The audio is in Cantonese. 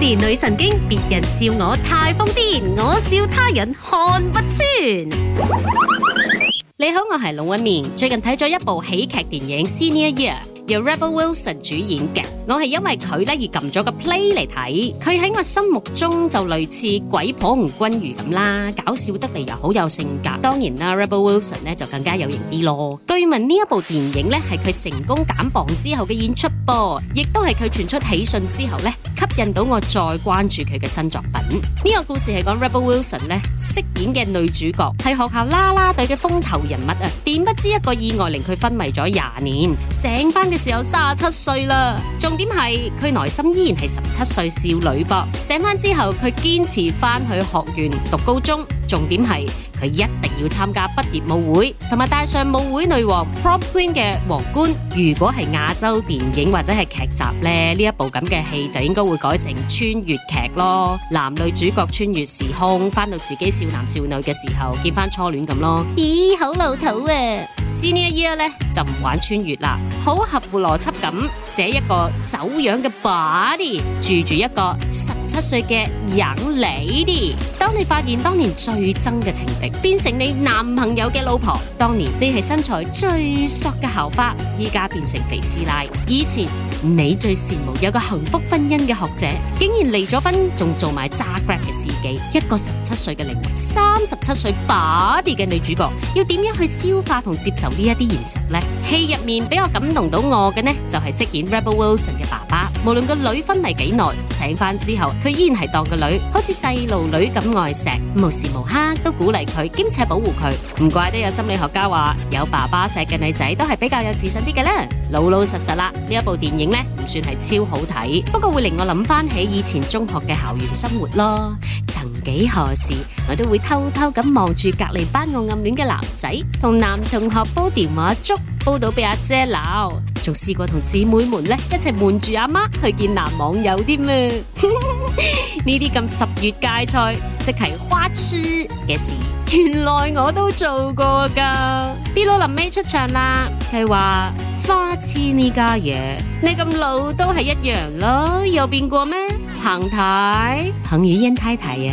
年女神經，別人笑我太瘋癲，我笑他人看不穿。你好，我係龍紋敏，最近睇咗一部喜劇電影《Senior Year》，由 Rebel Wilson 主演嘅。我係因為佢咧而撳咗個 play 嚟睇，佢喺我心目中就類似鬼婆吳君如咁啦，搞笑得嚟又好有性格。當然啦，Rebel Wilson 咧就更加有型啲咯。據聞呢一部電影咧係佢成功減磅之後嘅演出噃，亦都係佢傳出喜訊之後咧吸引到我再關注佢嘅新作品。呢個故事係講 Rebel Wilson 咧飾演嘅女主角係學校啦啦隊嘅風頭人物啊，點不知一個意外令佢昏迷咗廿年，成班嘅時候三十七歲啦，仲。點係佢內心依然係十七歲少女噃，醒翻之後佢堅持返去學院讀高中。重點係佢一定要參加畢業舞會，同埋戴上舞會女王 prom queen 嘅皇冠。如果係亞洲電影或者係劇集呢，呢一部咁嘅戲就應該會改成穿越劇咯。男女主角穿越時空，翻到自己少男少女嘅時候，見翻初戀咁咯。咦、欸，好老土啊！Senior year 咧就唔玩穿越啦，好合乎邏輯咁寫一個走樣嘅 body，住住一個。七歲嘅人，你哋當你發現當年最憎嘅情敵變成你男朋友嘅老婆，當年你係身材最索嘅校花，依家變成肥師奶，以前你最羨慕有個幸福婚姻嘅學者，竟然離咗婚仲做埋揸 Grab 嘅司機，一個十七歲嘅靈魂，三十七歲把啲嘅女主角，要點樣去消化同接受呢一啲現實呢？戲入面比較感動到我嘅呢，就係、是、飾演 Rebel Wilson 嘅爸。無論個女分離幾耐，醒返之後佢依然係當個女，好似細路女咁愛錫，無時無刻都鼓勵佢兼且保護佢。唔怪得有心理學家話，有爸爸錫嘅女仔都係比較有自信啲嘅咧。老老實實啦，呢一部電影咧唔算係超好睇，不過會令我諗翻起以前中學嘅校園生活咯。曾幾何時，我都會偷偷咁望住隔籬班我暗戀嘅男仔，同男同學煲電話粥，煲到俾阿姐鬧。仲試過同姊妹們咧一齊瞞住阿媽去見男網友添啊！呢啲咁十月芥菜即係花痴嘅事，原來我都做過噶。Billu 臨尾出場啦，佢話花痴呢家嘢，你咁老都係一樣咯，又變過咩？彭太彭宇欣太太啊！